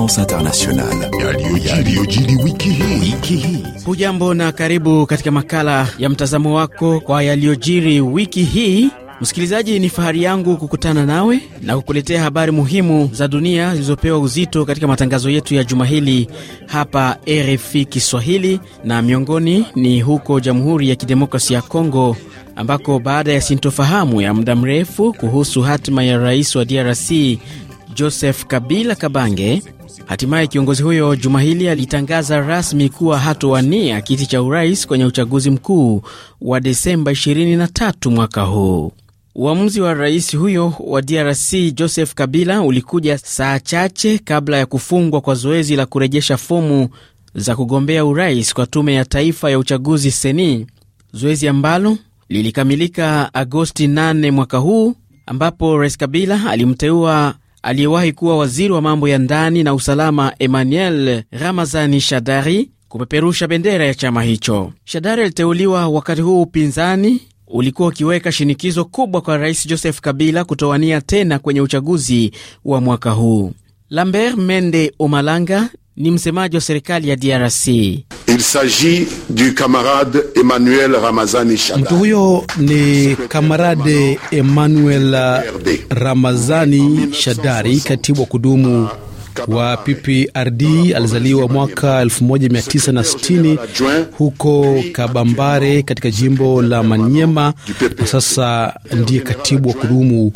France Internationale. wiki hii. Wiki hii. Hujambo na karibu katika makala ya mtazamo wako kwa yaliyojiri wiki hii. Msikilizaji, ni fahari yangu kukutana nawe na kukuletea habari muhimu za dunia zilizopewa uzito katika matangazo yetu ya juma hili hapa RFI Kiswahili, na miongoni ni huko Jamhuri ya Kidemokrasia ya Kongo ambako baada ya sintofahamu ya muda mrefu kuhusu hatima ya rais wa DRC Joseph Kabila Kabange, Hatimaye kiongozi huyo juma hili alitangaza rasmi kuwa hatowania kiti cha urais kwenye uchaguzi mkuu wa Desemba 23 mwaka huu. Uamuzi wa rais huyo wa DRC Joseph Kabila ulikuja saa chache kabla ya kufungwa kwa zoezi la kurejesha fomu za kugombea urais kwa tume ya taifa ya uchaguzi seni, zoezi ambalo lilikamilika Agosti 8 mwaka huu, ambapo rais Kabila alimteua aliyewahi kuwa waziri wa mambo ya ndani na usalama Emmanuel Ramazani Shadari kupeperusha bendera ya chama hicho. Shadari aliteuliwa wakati huu upinzani ulikuwa ukiweka shinikizo kubwa kwa rais Joseph Kabila kutowania tena kwenye uchaguzi wa mwaka huu. Lambert Mende Omalanga ni msemaji wa serikali ya DRC. Il s'agit du camarade Emmanuel Ramazani Shadari. Mtu huyo ni kamarade Emmanuel Ramazani Shadari, katibu wa kudumu wa PPRD alizaliwa mwaka 1960 huko Kabambare katika jimbo la Manyema na sasa ndiye katibu wa kudumu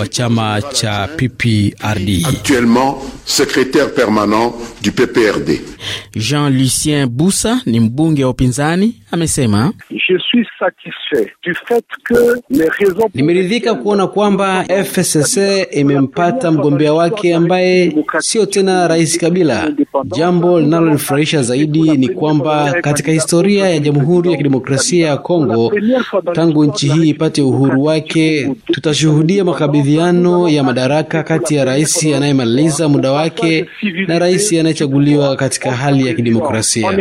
wa chama cha PPRD. Jean Lucien Busa ni mbunge wa upinzani amesema, nimeridhika kuona kwamba FSC imempata mgombea wake ambaye sio tena Rais Kabila. Jambo linalonifurahisha zaidi ni kwamba katika historia ya Jamhuri ya Kidemokrasia ya Kongo tangu nchi hii ipate uhuru wake, tutashuhudia makabidhiano ya madaraka kati ya rais anayemaliza muda wake na rais anayechaguliwa katika hali ya kidemokrasia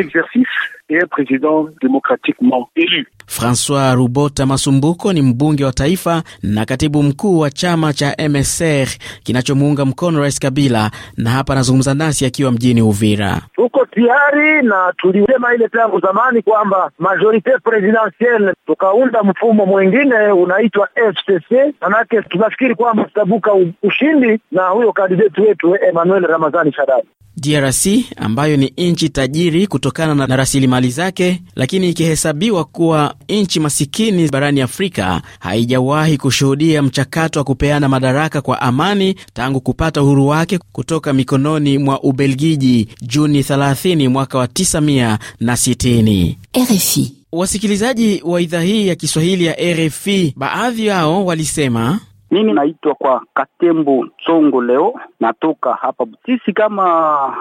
et un président démocratiquement élu. François Rubota Masumbuko ni mbunge wa taifa na katibu mkuu wa chama cha MSR kinachomuunga mkono Rais Kabila, na hapa anazungumza nasi akiwa mjini Uvira. Tuko tayari na tulisema ile tangu zamani kwamba majorite presidentielle tukaunda mfumo mwingine unaitwa FCC, manake tunafikiri kwamba tutabuka ushindi na huyo kandideti wetu Emmanuel Ramazani Shadadi. DRC ambayo ni nchi tajiri kutokana na rasilimali zake, lakini ikihesabiwa kuwa nchi masikini barani Afrika, haijawahi kushuhudia mchakato wa kupeana madaraka kwa amani tangu kupata uhuru wake kutoka mikononi mwa Ubelgiji Juni 30 mwaka wa 1960. RFI Wasikilizaji wa idhaa hii ya Kiswahili ya RFI, baadhi yao walisema mimi naitwa kwa Katembo Songo, leo natoka hapa. Sisi kama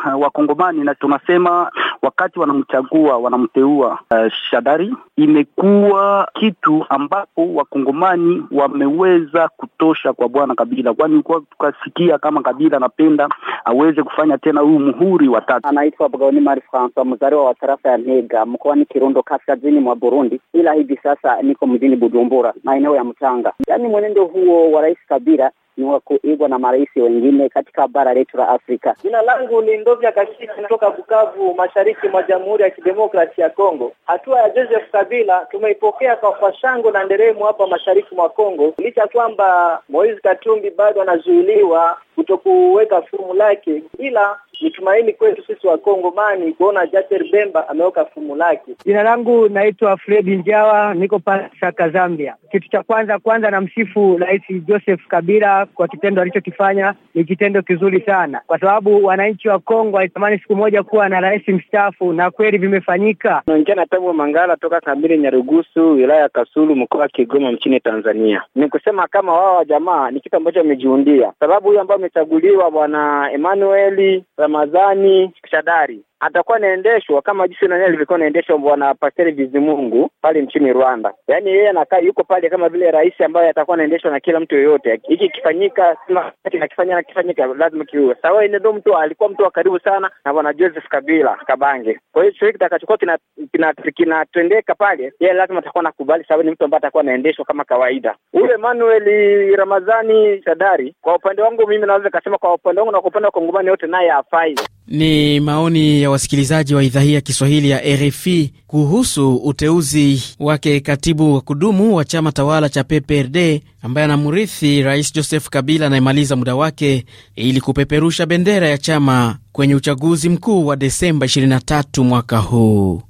eh, Wakongomani na tunasema wakati wanamchagua wanamteua uh, Shadari, imekuwa kitu ambapo Wakongomani wameweza kutosha kwa bwana Kabila, kwani kwa tukasikia kama Kabila anapenda aweze kufanya tena huu muhuri wa tatu. Anaitwa Bagaoni Mari Francois, mzaliwa wa tarafa ya Ntega mkoani Kirundo, kaskazini mwa Burundi, ila hivi sasa niko mjini Bujumbura, maeneo ya Mtanga. Yani mwenendo huo wa Rais Kabila ni wa kuigwa na marais wengine katika bara letu la Afrika. Jina langu ni Ndovya Kashiki kutoka Bukavu, mashariki mwa Jamhuri ya Kidemokrasia ya Kongo. Hatua ya Joseph Kabila tumeipokea kwa kwa na nderemu hapa mashariki mwa Kongo, licha kwamba Moise Katumbi bado anazuiliwa kutokuweka fumu lake, ila ni tumaini kwetu sisi wa mani kuona Jater Bemba ameweka fumu lake. Jina langu naitwa Fredi Njawa, niko pale Zambia. Kitu cha kwanza kwanza, namsifu Rais Joseph Kabila kwa kitendo alichokifanya, ni kitendo kizuri sana, kwa sababu wananchi wa Kongo walitamani siku moja kuwa na rais mstaafu, na kweli vimefanyika. Naongea Tabu Mangala toka Kabile Nyarugusu, wilaya ya Kasulu, mkoa wa Kigoma, nchini Tanzania. Ni kusema kama wao wa jamaa ni kitu ambacho wamejiundia, sababu huyo ambayo amechaguliwa Bwana Emmanuel Ramadhani Shadari atakuwa anaendeshwa kama jinsi nani alivyokuwa anaendeshwa bwana Pascal Bizimungu pale nchini Rwanda. Yaani yeye anakaa yuko pale kama vile rais ambaye atakuwa anaendeshwa na kila mtu yoyote. Hiki kifanyika sima kinakifanya kifanyika lazima kiwe. Sawa ile ndio mtu alikuwa mtu wa karibu sana na bwana Joseph Kabila Kabange. Kwa hiyo chochote kitakachokuwa kina kinatendeka pale, yeye lazima atakuwa nakubali sababu ni mtu ambaye atakuwa anaendeshwa kama kawaida. Ule Manuel Ramazani Shadari kwa upande wangu mimi naweza kusema kwa upande wangu na kwa upande wa Kongomani yote, naye afai. Ni maoni ya wasikilizaji wa idhaa hii ya Kiswahili ya RFI kuhusu uteuzi wake katibu wa kudumu wa chama tawala cha PPRD ambaye anamrithi Rais Joseph Kabila anayemaliza muda wake ili kupeperusha bendera ya chama kwenye uchaguzi mkuu wa Desemba 23 mwaka huu.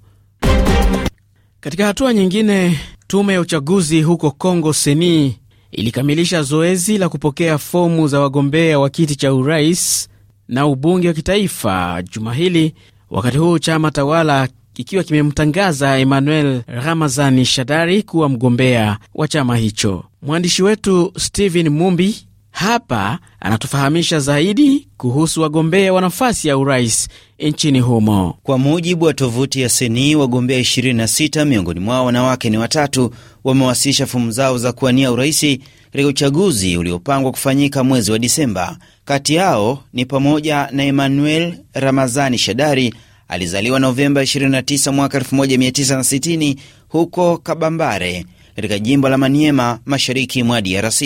Katika hatua nyingine, tume ya uchaguzi huko congo Seni ilikamilisha zoezi la kupokea fomu za wagombea wa kiti cha urais na ubunge wa kitaifa juma hili, wakati huu chama tawala kikiwa kimemtangaza Emmanuel Ramazani Shadari kuwa mgombea wa chama hicho. Mwandishi wetu Stephen Mumbi hapa anatufahamisha zaidi kuhusu wagombea wa nafasi ya urais nchini humo. Kwa mujibu wa tovuti ya Seni, wagombea 26 miongoni mwao wanawake ni watatu, wamewasilisha fomu zao za kuwania uraisi katika uchaguzi uliopangwa kufanyika mwezi wa Disemba. Kati yao ni pamoja na Emmanuel Ramazani Shadari, alizaliwa Novemba 29 mwaka 1960 huko Kabambare katika jimbo la Maniema, mashariki mwa DRC.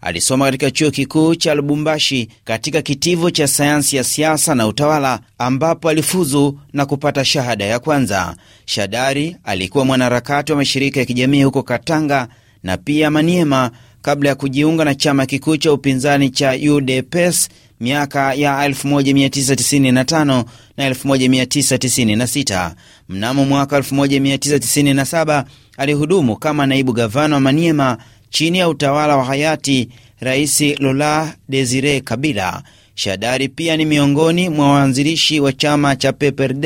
Alisoma katika chuo kikuu cha Lubumbashi katika kitivo cha sayansi ya siasa na utawala, ambapo alifuzu na kupata shahada ya kwanza. Shadari alikuwa mwanaharakati wa mashirika ya kijamii huko Katanga na pia Maniema kabla ya kujiunga na chama kikuu cha upinzani cha UDPS miaka ya 1995 na 1996. Mnamo mwaka 1997 alihudumu kama naibu gavana wa Maniema chini ya utawala wa hayati Rais Lola Desire Kabila. Shadari pia ni miongoni mwa waanzilishi wa chama cha PPRD.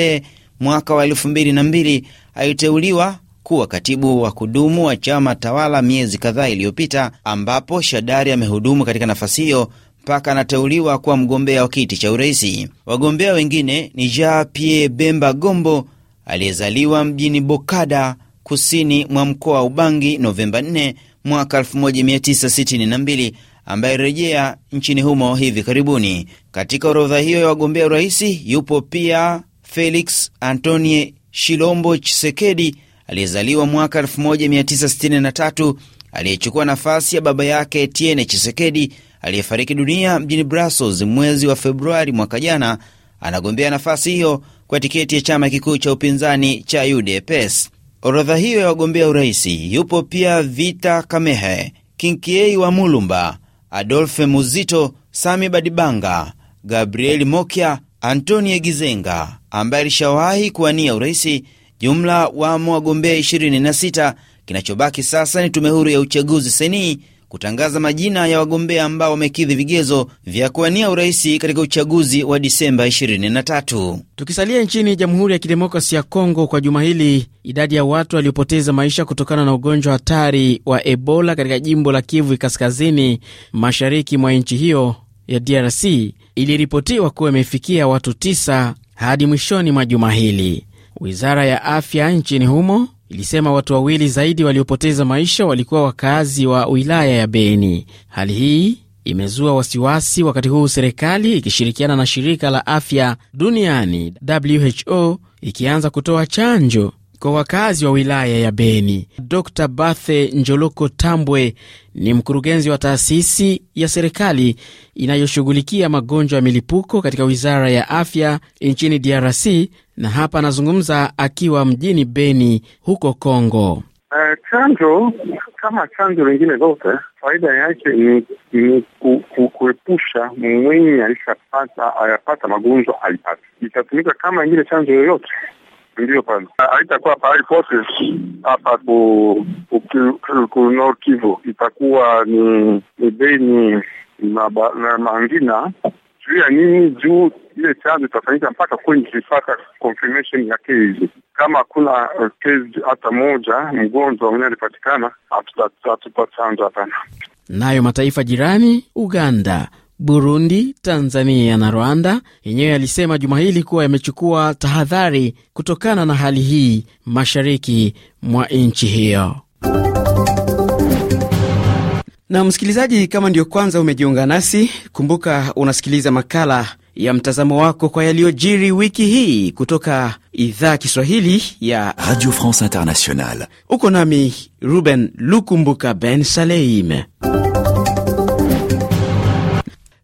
Mwaka wa 2002 aliteuliwa kuwa katibu wa kudumu wa chama tawala miezi kadhaa iliyopita, ambapo Shadari amehudumu katika nafasi hiyo mpaka anateuliwa kuwa mgombea wa kiti cha uraisi. Wagombea wengine ni Jean Pierre Bemba Gombo aliyezaliwa mjini Bokada kusini mwa mkoa wa Ubangi Novemba 4 mwaka 1962 ambaye rejea nchini humo hivi karibuni. Katika orodha hiyo ya wagombea uraisi yupo pia Felix Antonie Shilombo Chisekedi aliyezaliwa mwaka 1963 aliyechukua nafasi ya baba yake Etienne Chisekedi aliyefariki dunia mjini Brussels mwezi wa Februari mwaka jana, anagombea nafasi hiyo kwa tiketi ya chama kikuu cha upinzani cha UDPS. Orodha hiyo ya wagombea uraisi yupo pia Vita Kamehe, Kinkiei wa Mulumba, Adolfe Muzito, Sami Badibanga, Gabrieli mokya Antoni Gizenga ambaye alishawahi kuwania uraisi. Jumla wamo wagombea 26. Kinachobaki sasa ni tume huru ya uchaguzi senii kutangaza majina ya wagombea ambao wamekidhi vigezo vya kuwania uraisi katika uchaguzi wa Disemba 23. Tukisalia nchini Jamhuri ya Kidemokrasi ya Kongo, kwa juma hili idadi ya watu waliopoteza maisha kutokana na ugonjwa hatari wa Ebola katika jimbo la Kivu Kaskazini, mashariki mwa nchi hiyo ya DRC iliripotiwa kuwa imefikia watu 9 hadi mwishoni mwa juma hili. Wizara ya afya nchini humo ilisema watu wawili zaidi waliopoteza maisha walikuwa wakazi wa wilaya ya Beni. Hali hii imezua wasiwasi, wakati huu serikali ikishirikiana na shirika la afya duniani WHO ikianza kutoa chanjo kwa wakazi wa wilaya ya Beni. Dr Bathe Njoloko Tambwe ni mkurugenzi wa taasisi ya serikali inayoshughulikia magonjwa ya milipuko katika wizara ya afya nchini DRC, na hapa anazungumza akiwa mjini Beni huko congo Uh, eh, chanjo kama chanjo lingine zote faida yake ni, ni ku, ku, kuepusha mwenye alishapata ayapata magonjwa alipata, itatumika kama ingine chanjo yoyote ndio kwanza haitakuwa pahali pote hapa ku, ku, ku, ku Nord Kivu, itakuwa ni Beni na, na Mangina juu ya nini? Juu ile chanjo itafanyika mpaka kwenye kipata confirmation ya case. Kama hakuna uh, case hata moja mgonjwa mwenye alipatikana, hatutachanja hapana. Nayo mataifa jirani Uganda Burundi, Tanzania na Rwanda yenyewe yalisema juma hili kuwa yamechukua tahadhari kutokana na hali hii mashariki mwa nchi hiyo. Na msikilizaji, kama ndiyo kwanza umejiunga nasi, kumbuka unasikiliza makala ya mtazamo wako kwa yaliyojiri wiki hii kutoka idhaa Kiswahili ya Radio France Internationale. Uko nami Ruben Lukumbuka Ben saleime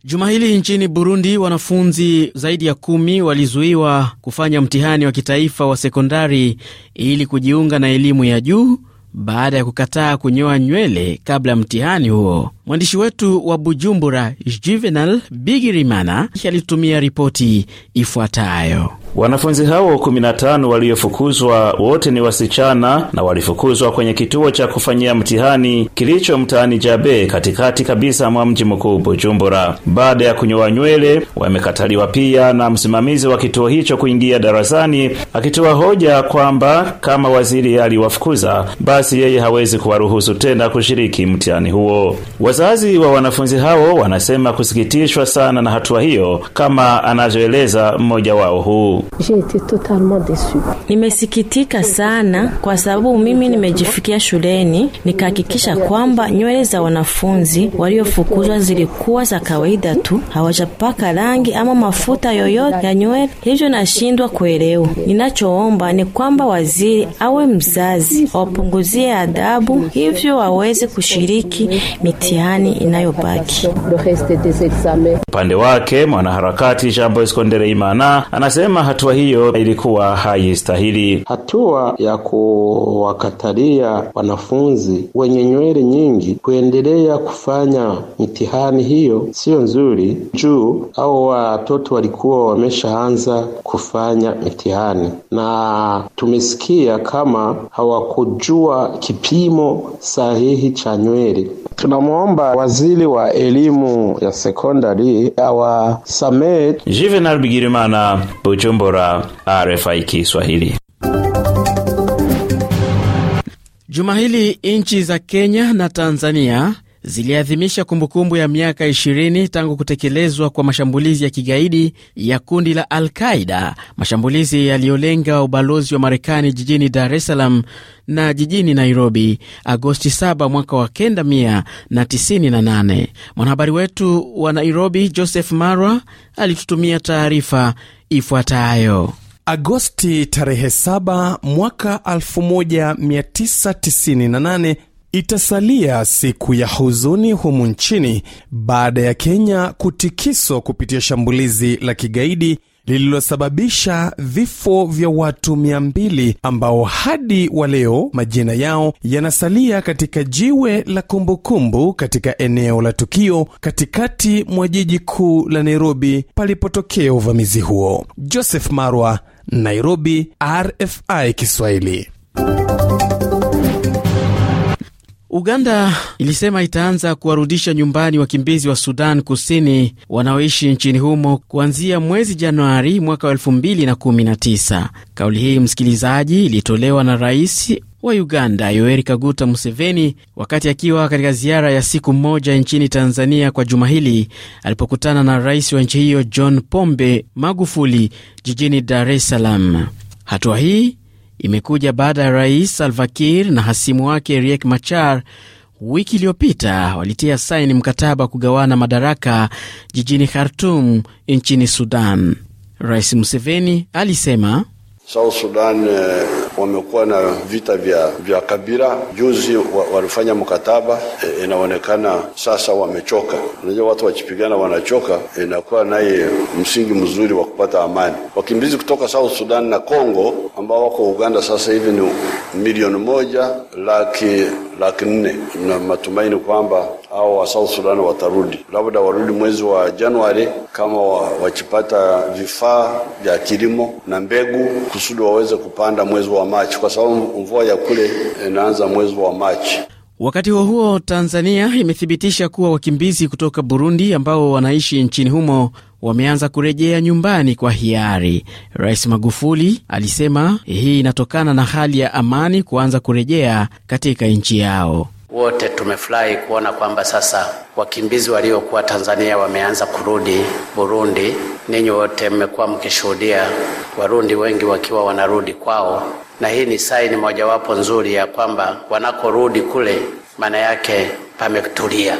Juma hili nchini Burundi, wanafunzi zaidi ya kumi walizuiwa kufanya mtihani wa kitaifa wa sekondari ili kujiunga na elimu ya juu baada ya kukataa kunyoa nywele kabla ya mtihani huo. Mwandishi wetu wa Bujumbura, Juvenal Bigirimana, alitumia ripoti ifuatayo. Wanafunzi hao 15 waliofukuzwa wote ni wasichana na walifukuzwa kwenye kituo cha kufanyia mtihani kilicho mtaani Jabe, katikati kabisa mwa mji mkuu Bujumbura. Baada ya kunyoa nywele, wamekataliwa pia na msimamizi wa kituo hicho kuingia darasani, akitoa hoja kwamba kama waziri aliwafukuza, basi yeye hawezi kuwaruhusu tena kushiriki mtihani huo. Wazazi wa wanafunzi hao wanasema kusikitishwa sana na hatua hiyo, kama anavyoeleza mmoja wao huu. Nimesikitika sana kwa sababu mimi nimejifikia shuleni nikahakikisha kwamba nywele za wanafunzi waliofukuzwa zilikuwa za kawaida tu, hawajapaka rangi ama mafuta yoyote ya nywele, hivyo nashindwa kuelewa. Ninachoomba ni kwamba waziri awe mzazi, wapunguzie adabu, hivyo waweze kushiriki mitihani mitihani inayobaki upande wake mwanaharakati Jean Bosco Ndereimana anasema hatua hiyo ilikuwa haistahili. Hatua ya kuwakatalia wanafunzi wenye nywele nyingi kuendelea kufanya mitihani hiyo siyo nzuri, juu au watoto walikuwa wameshaanza kufanya mitihani, na tumesikia kama hawakujua kipimo sahihi cha nywele. Tunamwomba waziri wa elimu ya sekondari awasamehe. Juvenal Bigirimana, Bujumbura, RFI Kiswahili. Juma hili nchi za Kenya na Tanzania ziliadhimisha kumbukumbu ya miaka 20 tangu kutekelezwa kwa mashambulizi ya kigaidi ya kundi la Al-Qaida, mashambulizi yaliyolenga ubalozi wa Marekani jijini Dar es Salaam na jijini Nairobi Agosti 7 mwaka wa 1998. Mwanahabari wetu wa Nairobi Joseph Marwa alitutumia taarifa ifuatayo. Agosti tarehe 7 mwaka 1998 Itasalia siku ya huzuni humu nchini baada ya Kenya kutikiswa kupitia shambulizi la kigaidi lililosababisha vifo vya watu mia ambao hadi wa leo majina yao yanasalia katika jiwe la kumbukumbu kumbu katika eneo la tukio katikati mwa jiji kuu la Nairobi palipotokea uvamizi huo. Joseph Marwa, Nairobi, RFI Kiswahili. Uganda ilisema itaanza kuwarudisha nyumbani wakimbizi wa Sudan Kusini wanaoishi nchini humo kuanzia mwezi Januari mwaka 2019. Kauli hii, msikilizaji, ilitolewa na rais wa Uganda Yoweri Kaguta Museveni wakati akiwa katika ziara ya siku moja nchini Tanzania kwa juma hili alipokutana na rais wa nchi hiyo John Pombe Magufuli jijini Dar es Salaam. Hatua hii imekuja baada ya rais Salva Kiir na hasimu wake Riek Machar wiki iliyopita walitia saini mkataba wa kugawana madaraka jijini Khartum nchini Sudan. Rais Museveni alisema South Sudan eh, wamekuwa na vita vya, vya kabila. Juzi wa, walifanya mkataba eh, inaonekana sasa wamechoka. Unajua watu wakipigana wanachoka, inakuwa eh, naye msingi mzuri wa kupata amani. Wakimbizi kutoka South Sudan na Congo ambao wako Uganda sasa hivi ni milioni moja laki laki nne na matumaini kwamba hao wa South Sudan watarudi, labda warudi mwezi wa Januari kama wakipata vifaa vya kilimo na mbegu, kusudi waweze kupanda mwezi wa Machi, kwa sababu mvua ya kule inaanza mwezi wa Machi. Wakati huo huo, Tanzania imethibitisha kuwa wakimbizi kutoka Burundi ambao wanaishi nchini humo wameanza kurejea nyumbani kwa hiari. Rais Magufuli alisema hii inatokana na hali ya amani kuanza kurejea katika nchi yao. Wote tumefurahi kuona kwamba sasa wakimbizi waliokuwa Tanzania wameanza kurudi Burundi. Ninyi wote mmekuwa mkishuhudia Warundi wengi wakiwa wanarudi kwao, na hii ni saini mojawapo nzuri ya kwamba wanakorudi kule, maana yake pametulia,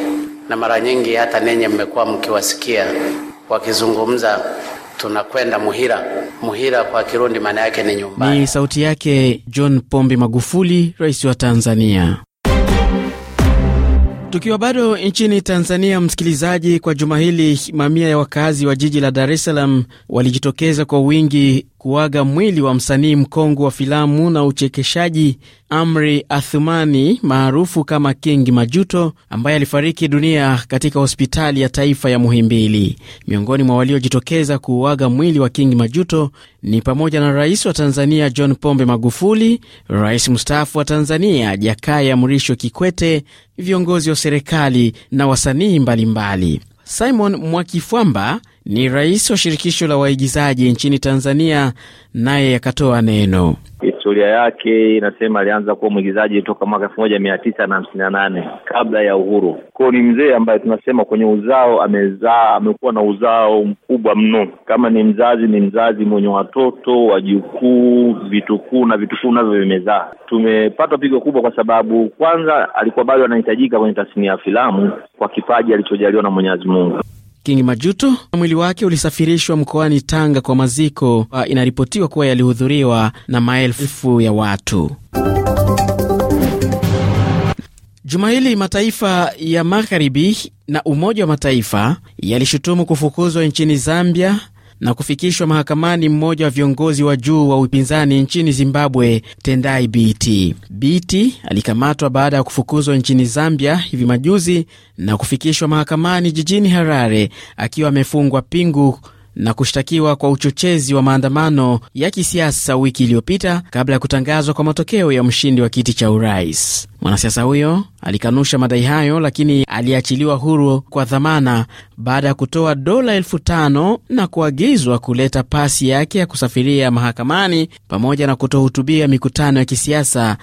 na mara nyingi hata ninyi mmekuwa mkiwasikia wakizungumza tunakwenda Muhira. Muhira kwa Kirundi maana yake ni nyumbani. Ni sauti yake John Pombe Magufuli, rais wa Tanzania. Tukiwa bado nchini Tanzania, msikilizaji, kwa juma hili mamia ya wakazi wa jiji la Dar es Salaam walijitokeza kwa wingi kuaga mwili wa msanii mkongwe wa filamu na uchekeshaji Amri Athumani maarufu kama King Majuto ambaye alifariki dunia katika hospitali ya taifa ya Muhimbili. Miongoni mwa waliojitokeza kuuaga mwili wa King Majuto ni pamoja na rais wa Tanzania John Pombe Magufuli, rais mstaafu wa Tanzania Jakaya Mrisho Kikwete, viongozi wa serikali na wasanii mbalimbali. Simon Mwakifwamba ni rais wa shirikisho la waigizaji nchini Tanzania, naye akatoa neno. Historia yake inasema alianza kuwa mwigizaji toka mwaka elfu moja mia tisa na hamsini na nane kabla ya uhuru. Kwao ni mzee ambaye tunasema kwenye uzao amezaa, amekuwa na uzao mkubwa mno. Kama ni mzazi, ni mzazi mwenye watoto, wajukuu, vitukuu na vitukuu navyo vimezaa. Tumepata pigo kubwa, kwa sababu kwanza alikuwa bado anahitajika kwenye tasnia ya filamu kwa kipaji alichojaliwa na Mwenyezi Mungu. King Majuto, mwili wake ulisafirishwa mkoani Tanga kwa maziko, ah, inaripotiwa kuwa yalihudhuriwa na maelfu ya watu. Juma hili mataifa ya magharibi na Umoja wa Mataifa yalishutumu kufukuzwa nchini Zambia na kufikishwa mahakamani mmoja wa viongozi wa juu wa upinzani nchini Zimbabwe, Tendai Biti. Biti alikamatwa baada ya kufukuzwa nchini Zambia hivi majuzi na kufikishwa mahakamani jijini Harare akiwa amefungwa pingu na kushtakiwa kwa uchochezi wa maandamano ya kisiasa wiki iliyopita kabla ya kutangazwa kwa matokeo ya mshindi wa kiti cha urais. Mwanasiasa huyo alikanusha madai hayo, lakini aliachiliwa huru kwa dhamana baada ya kutoa dola elfu tano na kuagizwa kuleta pasi yake ya kusafiria mahakamani pamoja na kutohutubia mikutano ya kisiasa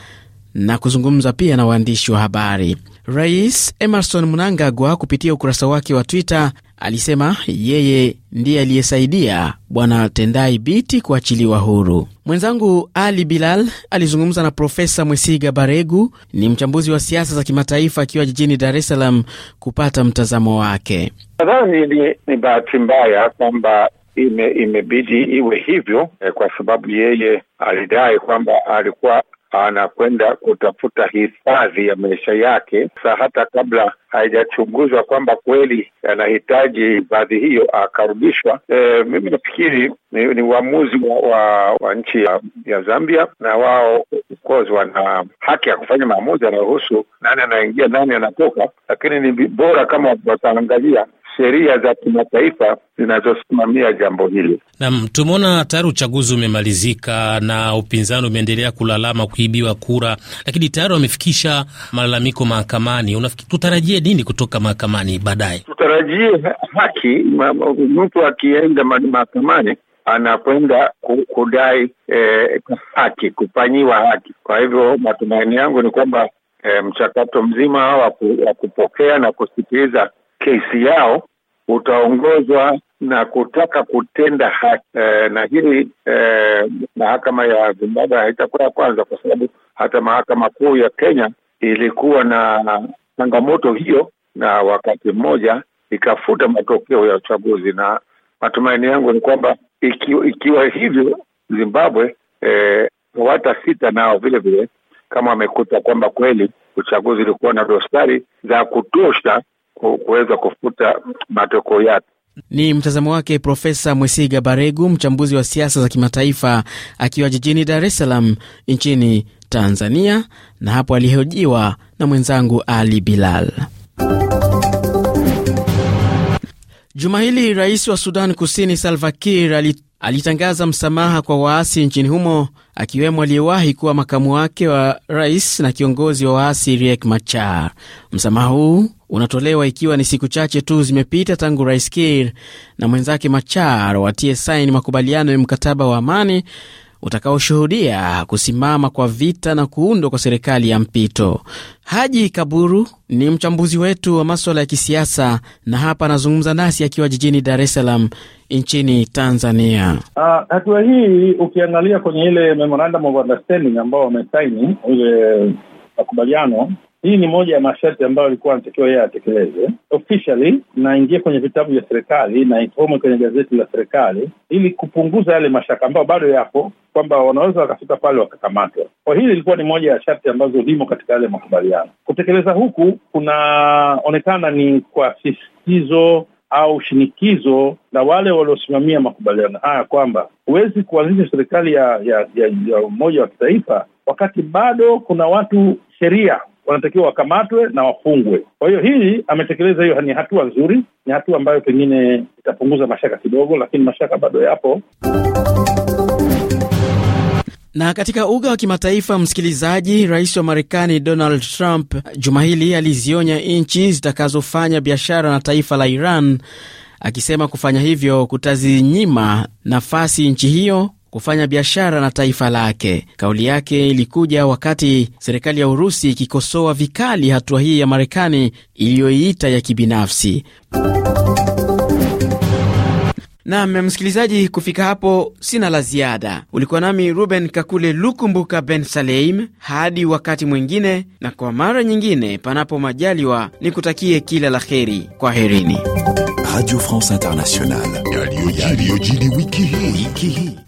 na kuzungumza pia na waandishi wa habari. Rais Emerson Mnangagwa kupitia ukurasa wake wa Twitter alisema yeye ndiye aliyesaidia Bwana Tendai Biti kuachiliwa huru. Mwenzangu Ali Bilal alizungumza na Profesa Mwesiga Baregu, ni mchambuzi wa siasa za kimataifa akiwa jijini Dar es Salaam, kupata mtazamo wake. Nadhani ni, ni bahati mbaya kwamba imebidi ime iwe hivyo eh, kwa sababu yeye alidai kwamba alikuwa anakwenda kutafuta hifadhi ya maisha yake, sa hata kabla haijachunguzwa kwamba kweli anahitaji hifadhi hiyo akarudishwa. E, mimi nafikiri ni, ni uamuzi wa, wa, wa nchi ya, ya Zambia na wao course wana haki ya kufanya maamuzi yanayohusu nani anaingia nani anatoka, lakini ni bora kama wataangalia sheria za kimataifa zinazosimamia jambo hili. Naam, tumeona tayari uchaguzi umemalizika na upinzani umeendelea kulalama kuibiwa kura, lakini tayari wamefikisha malalamiko mahakamani. Unafikiri tutarajie nini kutoka mahakamani baadaye? Tutarajie haki. Mtu akienda mahakamani anakwenda kudai eh, haki, kufanyiwa haki. Kwa hivyo matumaini yangu ni kwamba eh, mchakato mzima wa kupokea na kusikiliza kesi yao utaongozwa na kutaka kutenda haki e, na hili e, mahakama ya Zimbabwe haitakuwa ya kwanza, kwa sababu hata mahakama kuu ya Kenya ilikuwa na changamoto hiyo, na wakati mmoja ikafuta matokeo ya uchaguzi. Na matumaini yangu ni kwamba ikiwa, ikiwa hivyo Zimbabwe hawata e, nao vile vile, kama wamekuta kwamba kweli uchaguzi ulikuwa na dosari za kutosha kuweza kufuta matokeo yake. Ni mtazamo wake Profesa Mwesiga Baregu, mchambuzi wa siasa za kimataifa akiwa jijini Dar es Salaam nchini Tanzania, na hapo alihojiwa na mwenzangu Ali Bilal. Juma hili rais wa Sudan Kusini Salva Kiir alitangaza msamaha kwa waasi nchini humo, akiwemo aliyewahi kuwa makamu wake wa rais na kiongozi wa waasi Riek Machar. Msamaha huu unatolewa ikiwa ni siku chache tu zimepita tangu Rais Kiir na mwenzake Machar watie saini makubaliano ya mkataba wa amani utakaoshuhudia kusimama kwa vita na kuundwa kwa serikali ya mpito. Haji Kaburu ni mchambuzi wetu wa maswala ya kisiasa na hapa anazungumza nasi akiwa jijini Dar es Salaam nchini Tanzania. Uh, hatua hii ukiangalia kwenye ile memorandum of understanding ambao wamesaini ile makubaliano hii ni moja ya masharti ambayo alikuwa anatakiwa yeye atekeleze officially, naingia kwenye vitabu vya serikali na isome kwenye gazeti la serikali, ili kupunguza yale mashaka ambayo bado yapo kwamba wanaweza wakafika pale wakakamatwa. Kwa hili ilikuwa ni moja ya sharti ambazo limo katika yale makubaliano. Kutekeleza huku kunaonekana ni kwa sisitizo au shinikizo la wale waliosimamia makubaliano haya kwamba huwezi kuanzisha serikali ya ya, ya ya umoja wa kitaifa wakati bado kuna watu sheria wanatakiwa wakamatwe na wafungwe. Kwa hiyo hii ametekeleza, hiyo ni hatua nzuri, ni hatua ambayo pengine itapunguza mashaka kidogo, lakini mashaka bado yapo. Na katika uga wa kimataifa, msikilizaji, rais wa Marekani Donald Trump juma hili alizionya nchi zitakazofanya biashara na taifa la Iran akisema kufanya hivyo kutazinyima nafasi nchi hiyo kufanya biashara na taifa lake. Kauli yake ilikuja wakati serikali ya Urusi ikikosoa vikali hatua hii ya Marekani iliyoiita ya kibinafsi. Nam msikilizaji, kufika hapo sina la ziada. Ulikuwa nami Ruben Kakule Lukumbuka Ben Saleim. Hadi wakati mwingine, na kwa mara nyingine, panapo majaliwa, ni kutakie kila la heri. Kwa herini. Radio France Internationale, yaliyojiri wiki hii.